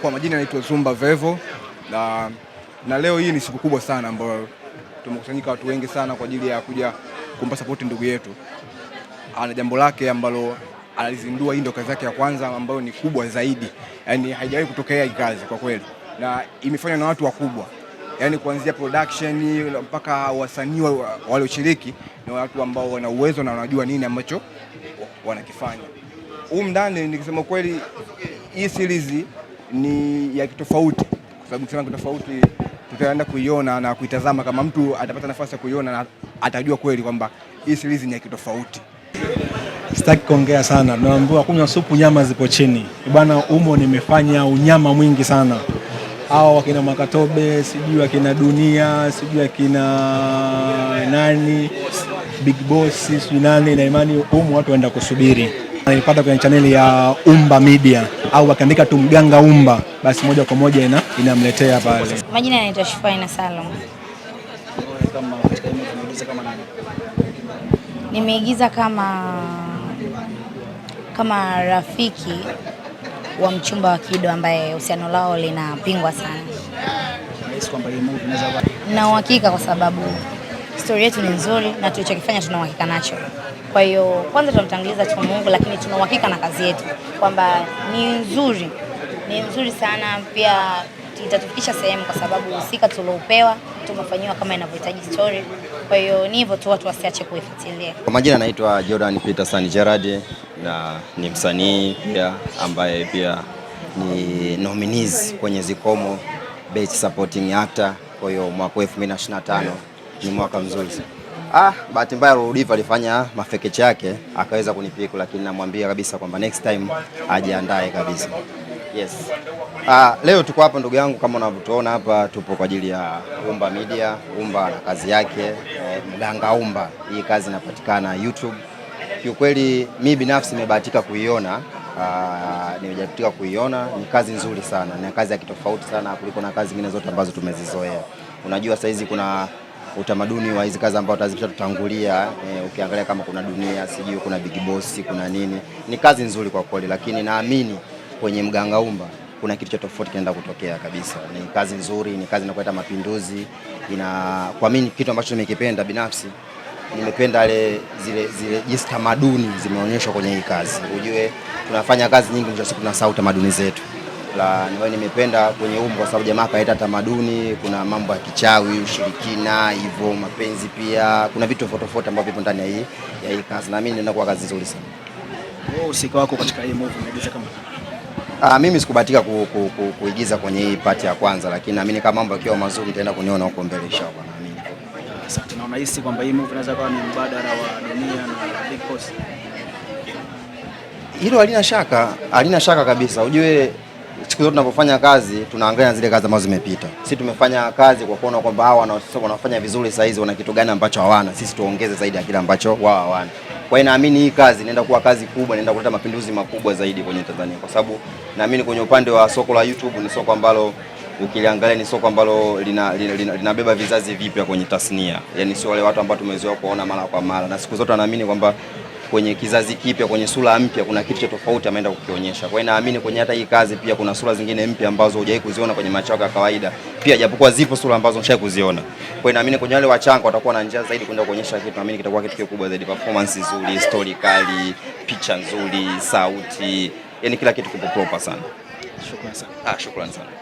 kwa majina naitwa Zumba Vevo na, na leo hii ni siku kubwa sana ambayo tumekusanyika watu wengi sana kwa ajili ya kuja kumpa sapoti ndugu yetu. Ana jambo lake ambalo alizindua, hii ndio kazi yake ya kwanza ambayo ni kubwa zaidi, yaani haijawahi kutokea hii kazi kwa kweli, na imefanywa na watu wakubwa, yaani kuanzia production mpaka wasanii walioshiriki ni watu ambao wana uwezo na wanajua nini ambacho wanakifanya. Huu ndani nikisema kweli hii series ni ya kitofauti, kwa sababu kusema kitofauti tutaenda kuiona na kuitazama. Kama mtu atapata nafasi ya kuiona na atajua kweli kwamba hii series ni ya kitofauti. Sitaki kuongea sana, naambiwa kunywa supu, nyama zipo chini bwana. umo nimefanya unyama mwingi sana hao wakina Makatobe, sijui wakina Dunia, sijui wakina nani, Big Boss, sijui nani, na imani umo watu waenda kusubiri. Nilipata kwenye chaneli ya Umba Media au akiandika tu mganga umba, basi moja kwa moja ina, inamletea pale. Majina yanaitwa Shufaina Salum. Nimeigiza kama kama rafiki wa mchumba wa Kido ambaye uhusiano lao linapingwa sana na uhakika kwa sababu stori yetu ni nzuri na tulichokifanya tuna uhakika nacho. Kwa hiyo kwanza tunamtanguliza tu Mungu, lakini tuna uhakika na kazi yetu kwamba ni nzuri, ni nzuri sana, pia itatufikisha sehemu, kwa sababu husika tuliopewa tumefanyiwa kama inavyohitaji story. Kwa hiyo ni hivyo tu, watu wasiache kuifuatilia. Kwa majina, naitwa Jordan Peterson Gerard na ni msanii pia ambaye pia ni nominees kwenye Zikomo Best Supporting Actor. Kwa hiyo mwaka 2025 ni mwaka mzuri sana. Ah, bahati mbaya Rodiva alifanya mafekeche yake akaweza kunipiku, lakini namwambia kabisa kwamba next time ajiandae kabisa. Yes. Ah, leo tuko hapa ndugu yangu, kama unavyotuona hapa, tupo kwa ajili ya Umba Media. Umba na kazi yake eh, mganga Umba. Hii kazi inapatikana YouTube. Kiukweli mimi binafsi nimebahatika kuiona ah, nimejatika kuiona. Ni kazi nzuri sana, ni kazi ya kitofauti sana kuliko na kazi zingine zote ambazo tumezizoea. Unajua saizi kuna utamaduni wa hizi kazi ambazo tazipita tutangulia. E, eh, ukiangalia kama kuna dunia sijui kuna Big Boss kuna nini, ni kazi nzuri kwa kweli, lakini naamini kwenye mgangaumba kuna kitu cha tofauti kinaenda kutokea kabisa. Ni kazi nzuri, ni kazi inakuleta mapinduzi ina, kwa mimi kitu ambacho nimekipenda binafsi nimependa ile zile zile jinsi tamaduni zimeonyeshwa kwenye hii kazi. Ujue tunafanya kazi nyingi, mwisho wa siku tunasahau tamaduni zetu la niwe nimependa kwenye humu kwa sababu jamaa kaleta tamaduni, kuna mambo ya kichawi, ushirikina, hivyo mapenzi pia, kuna vitu tofauti tofauti ambavyo vipo ndani ya hii ya hii kazi, na mimi ndio kwa kazi nzuri sana. Wewe usika wako katika hii movie unaigiza kama Ah, mimi sikubahatika ku, ku, ku, kuigiza kwenye hii pati ya kwanza, lakini naamini kama mambo yakiwa mazuri nitaenda kuniona huko mbele inshallah, naamini. Asante. Na hisi kwamba hii movie inaweza kuwa ni mbadala wa dunia na Big Boss? Hilo halina shaka, halina shaka kabisa. Ujue siku zote tunapofanya kazi tunaangalia zile kazi ambazo zimepita. Sisi tumefanya kazi kwa kuona kwamba hawa wanafanya vizuri saa hizi, wana kitu gani ambacho hawana, sisi tuongeze zaidi ya kile ambacho wao hawana. Kwa hiyo naamini hii kazi inaenda kuwa kazi kubwa, inaenda kuleta mapinduzi makubwa zaidi kwenye Tanzania, kwa sababu naamini kwenye upande wa soko la YouTube ni soko ambalo ukiliangalia ni soko ambalo linabeba lina, lina, lina, lina vizazi vipya kwenye tasnia, yaani sio wale watu ambao tumezoea kuona mara kwa mara, na siku zote naamini kwamba kwenye kizazi kipya, kwenye sura mpya, kuna kitu cha tofauti ameenda kukionyesha. Kwa hiyo naamini kwenye hata hii kazi pia kuna sura zingine mpya ambazo hujawahi kuziona kwenye macho yako ya kawaida, pia japokuwa zipo sura ambazo ushawahi kuziona. Kwa hiyo naamini kwenye wale wachanga watakuwa na njia zaidi kwenda kuonyesha kitu, naamini kitakuwa kitu kikubwa zaidi, performance nzuri, story kali, picha nzuri, sauti, yani kila kitu kipo proper sana. Shukrani sana. Ah, shukrani sana.